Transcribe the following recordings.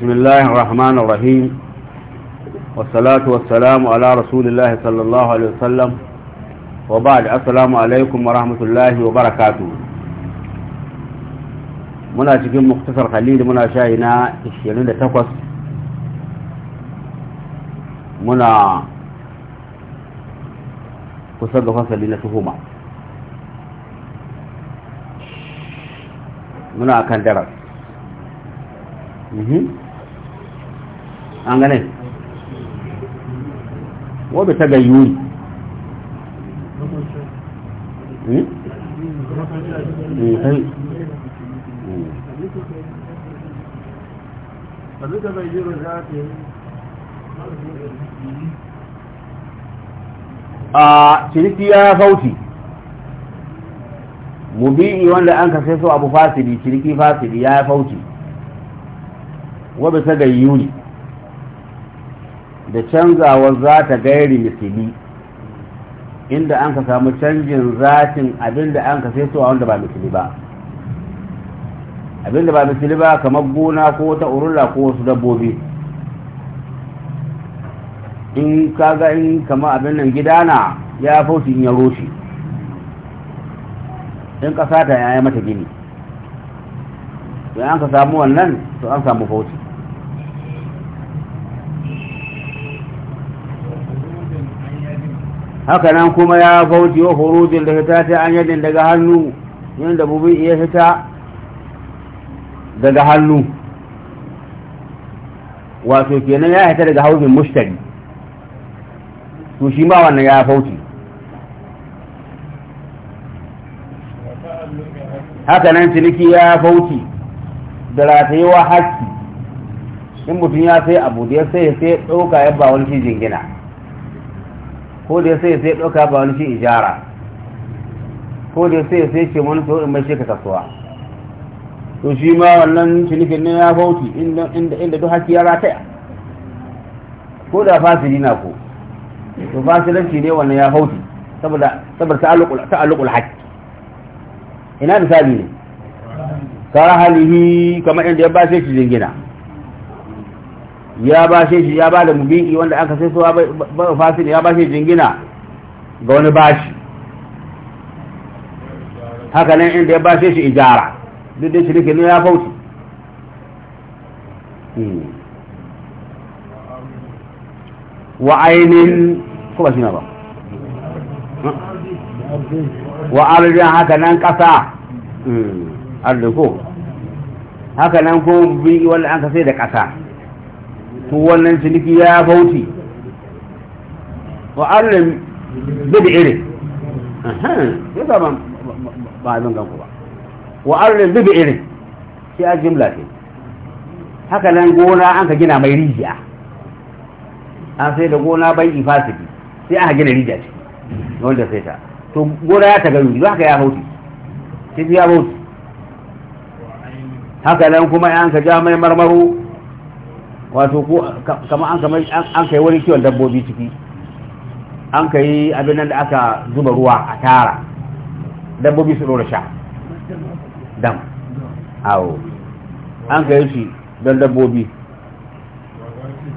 بسم الله الرحمن الرحيم والصلاة والسلام على رسول الله صلى الله عليه وسلم وبعد السلام عليكم ورحمة الله وبركاته منا تكون مختصر خليل منا شاينا الشيرين لتقص منا قصد فصل لنتهما منا كان درس mm an gane wadda ta gayyuri hmm? hmm. hmm. a ciniki ya sauti mubi'i wanda an kasai so abu fasidi ciniki fasidi ya fauti wadda ta gayyuri da canzawar zata gairi misali inda an ka samu canjin zatin abinda an ka sai so a wanda ba misali ba abinda ba misali ba kamar gona ko wata urula ko wasu dabbobi in kaga in kama abin nan gidana ya fauci in ya roshi in ƙasa ta yaya mata gini to an ka samu wannan to an samu fauci haka nan kuma ya fauci wa hurujin da hita ta an yadin daga hannu yin da bubi iya hita daga hannu wato kenan ya hita daga haujin mushtari to shi ma wannan ya fauci haka nan ciniki ya fauci da ratayewa haski in mutum ya sai abu da ya sai ya sai ɗauka ya ba wani shi jingina ko da sai sai ɗauka ba wani shi ijara ko da sai sai ce wani to in bai shi ka kasuwa to shi ma wannan cinikin ne ya bauti inda inda duk haki ya rataya ko da fasili na ko to fasiranci ne wannan ya bauti saboda saboda ta'alluqul ta'alluqul haqq ina misali ne sarahalihi kamar inda ya ba sai shi jingina ya bashe shi ya ba da mubiki wanda aka sai so ba fasil ya bashe jingina ga wani bashi haka nan inda ya bashe shi ijara duk da shirikin ya fauci hmm. wa ainihin ba shi na ba wa arzikin haka nan ƙasa hmm. arziko haka nan ko mubiki wanda aka sai da ƙasa to wannan ciniki ya bauti wa arin bidi irin ya zama ba zan ganku ba wa arin bidi irin shi a jimla ce haka nan gona an ka gina mai rijiya an sai da gona bai ifasiki sai aka gina rijiya ce wanda sai ta to gona ya taga yuri haka ya bauti sai ya bauti haka nan kuma an ka ja mai marmaro wato ko kamar an kamar an kai wani kiwon dabbobi ciki an kai abin nan da aka zuba ruwa a tara dabbobi su dora sha dam awo an kai shi don dabbobi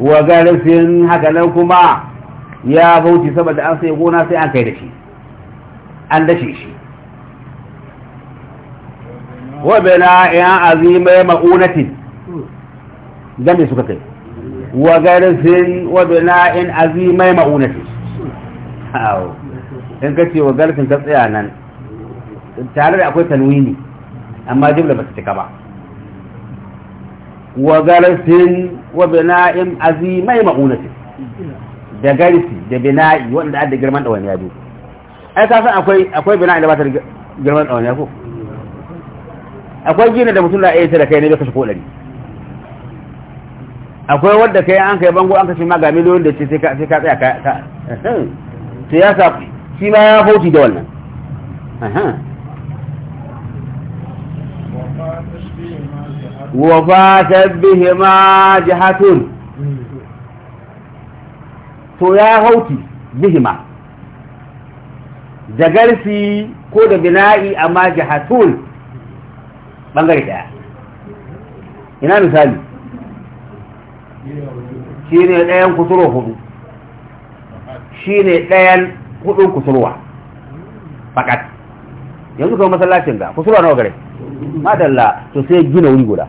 wa garisin haka nan kuma ya bauti saboda an sai gona sai an kai da shi an dashe shi wa bina yan azimai ma'unatin da suka kai wa garsin wa bina'in azimai ma'unati awo in ka ce wa garsin ta tsaya nan tare da akwai tanwini amma jimla ba ta cika ba wa garsin wa bina'in azimai ma'unati da garsi da bina'i wanda adda girman da wani ya ai ka san akwai akwai bina'i da ba ta girman da wani ya ko akwai gina da mutum na iya ta da kai ne bai kashe ko ɗari akwai wadda kai an kai bango an kashe ma ga miliyoyin da ce sai ka tsaya ka eh, to ya sa shi ma ya fauci da wannan wa fatar bihe ma jihatun to ya hauti bihima da garfi ko da bina'i amma jihatun bangare daya ina misali shi ne ɗayan kusurwa hudu shi ne ɗayan hudun kusurwa fakat yanzu kawai masallacin da kusurwa nawa gare madalla to sai gina wuri guda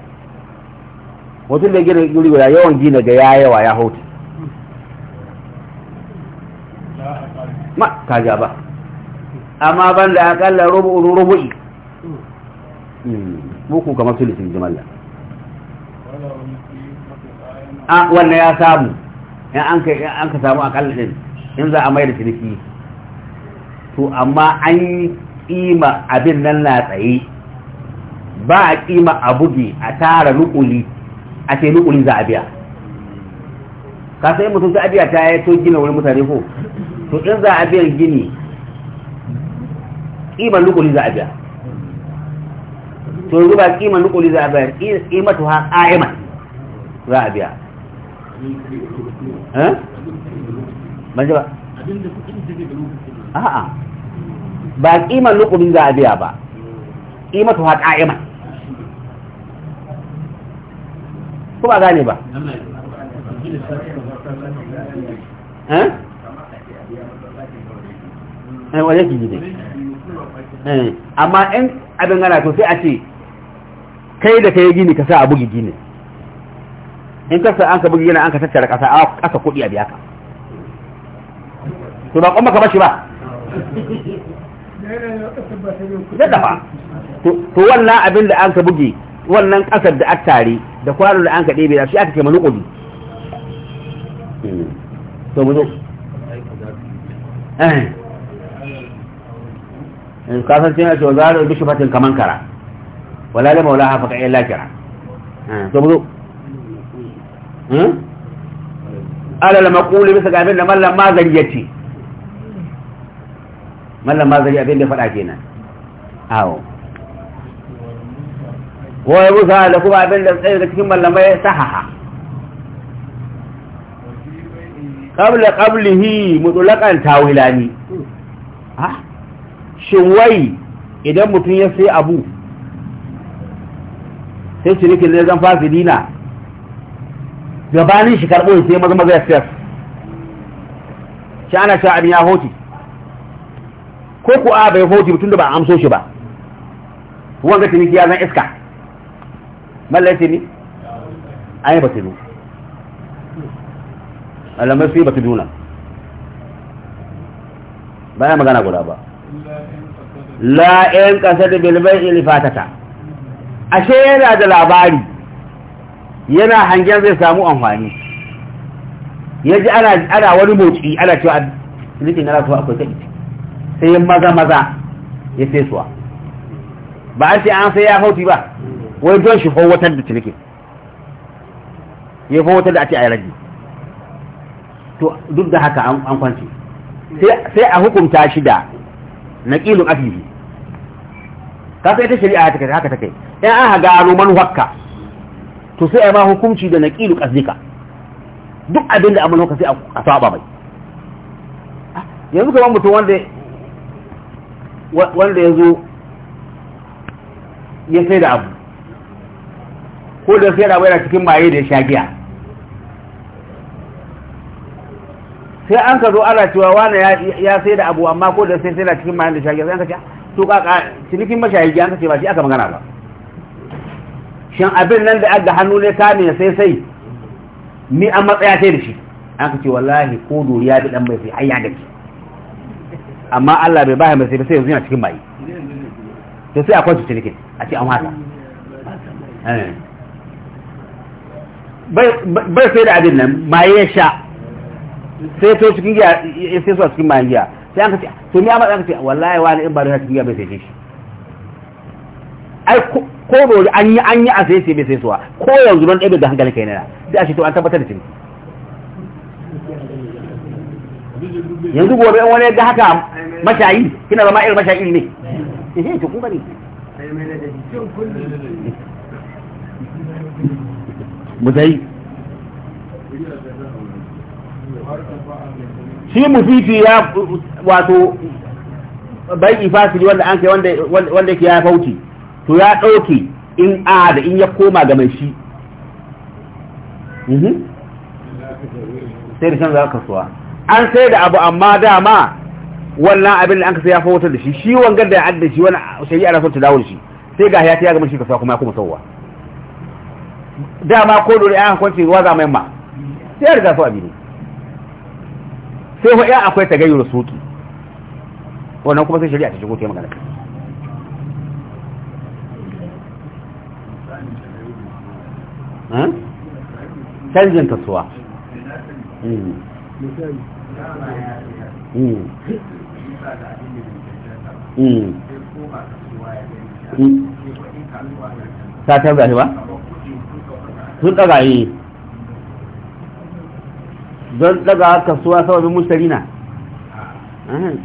mutum da gina wuri guda yawan gina ga ya yawa ya hoti ma kaja ba amma ban da akalla rubu rubu'i hmm, ku kamar sulisin jimalla a wannan ya samu in an ka samu akalla din in za a mai da ciniki to amma an yi kima abin nan na tsaye ba a kima a buge a tara nukuli a ce nukuli za a biya ka sai mutum za a biya ta yi to gina wani mutane ko to in za a biyan gini kima nukuli za a biya to yanzu ba kima nukuli za a bayar kima tuha ƙa'iman za a biya eh? ba kima nukuli za a biya ba kima tuha ƙa'iman ko ba gane ba eh, eh wajen ki ne eh, amma in abin gana to sai a ce kai da kai gini ka sa a bugi gini in ka sa an ka bugi gini an ka tattara kasa a kasa kuɗi a biya ka to ba kuma ka bashi ba da ba to wannan abin da an ka bugi wannan kasar da attare da kwano da an ka ɗebe da shi aka ce mani ƙudi to mu zo eh, eh kasan cin a ce wa zarar fatin kaman kara wala da maula hafa ka illa kira to mu hmm? alal maquli bisa ga da mallam ma zariyati mallam ma zari abin da faɗa kenan awo wai musa da kuma abin da tsaye da cikin mallamai sahaha qabla qablihi mutlaqan tawilani ah shin wai idan mutum ya sai abu sai nake zai zan fasi dina gabanin shi karɓo sai maza maza ya siyar shi ana cewa abin ya hoti ko ku a bai hoti mutum da ba amso shi ba wanda ciniki ya zan iska mallai ce ni an yi batilu alamai su yi batilu nan bayan magana guda ba la'in kasar da bilbai ilifatata ashe yana da labari yana hangen zai samu amfani ya ji ana wani motsi ana cewa rikin na rasuwa akwai kaɗi sai yin maza maza ya sai suwa ba an sai an sai ya hauti ba wai don shi fawatar da cinikin ya fawatar da a ce a yi to duk da haka an kwanci sai a hukunta shi da na ƙilun afihi kasa ta shari'a haka ta kai in aka gano manuwarka to sai a ma hukunci da na ƙilu ƙasdika duk abin da amalwarka sai a saba mai yanzu kamar mutum wanda ya zo ya sai da abu ko da sai da abu yana cikin maye da ya sha giya sai an ka zo ana cewa wane ya sai da abu amma ko da sai sai da cikin maye da ya sha giya sai an ka ce ah, to ka cinikin mashayi giya an ka ce ba shi aka magana ba shin abin nan da aga hannu ne ta ne sai sai ni an matsaya sai da shi an ka ce wallahi ko doriya da dan mai sai ayya da shi amma Allah bai baya mai sai sai yanzu yana cikin mai to sai a kwanci cinikin a ce an haka eh. bai sai da abin nan maye ya sha sai to cikin giya sai su a cikin bayan giya sai an ka ce to ni a matsayin ka ce wallahi wani in ba da cikin giya bai sai shi ai ko dole an yi an yi a sai sai bai sai suwa ko yanzu don ɗaya da hankali kai na da a ce to an tabbatar da ciniki yanzu gobe in wani ga haka mashayi kina zama irin mashayi ne eh to kun gani mutai shi mufiti ya wato bai ifasiri wanda an kai wanda wanda ke ya fauci to ya ɗauke in a da in ya koma ga mai shi mhm. sai da shan za kasuwa an sai da abu amma dama wannan abin da an ka sai ya fawatar da shi shi wangar da ya adda shi wani shari'a da son ta dawo da shi sai ga ya ta ya gama shi kasuwa kuma ya kuma sauwa dama ko dole an kwanci ruwa za mai sai ya riga su abin sai fa ya akwai tagayyar suki wannan kuma sai shari'a ta shigo ta yi magana canjin kasuwa hmm. Hmm. Hmm. ta canza shi ba? sun ɗaga yi don ɗaga kasuwa sababin mustari na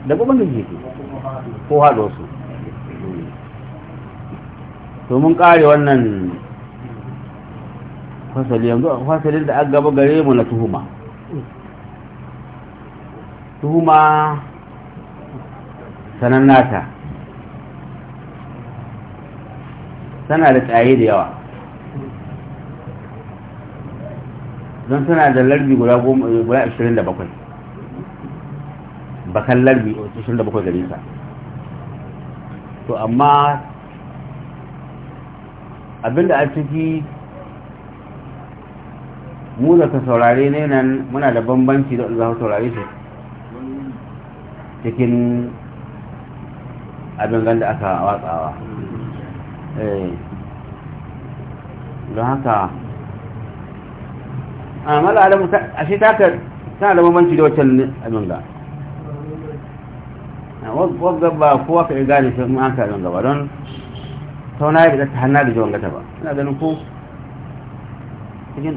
da kuma gaji ke ko haɗo su to mun ƙare wannan fasali yanzu fasalin da aka gaba gare mu na tuhuma tuhuma sanar nata tana da tsaye da yawa don tana da larbi guda 27 bakan larbi 27 gari sa to amma abinda a ciki mu da ka saurare ne nan muna da bambanci da za ku saurare su cikin abin da aka watsawa eh. don haka a mala alamu a shi takar tana da bambanci da waccan abin ga wadda ba kowa ka gane shi an ka abin gaba don sauna ya da ta hannar da jiwon gata ba ina ganin ko cikin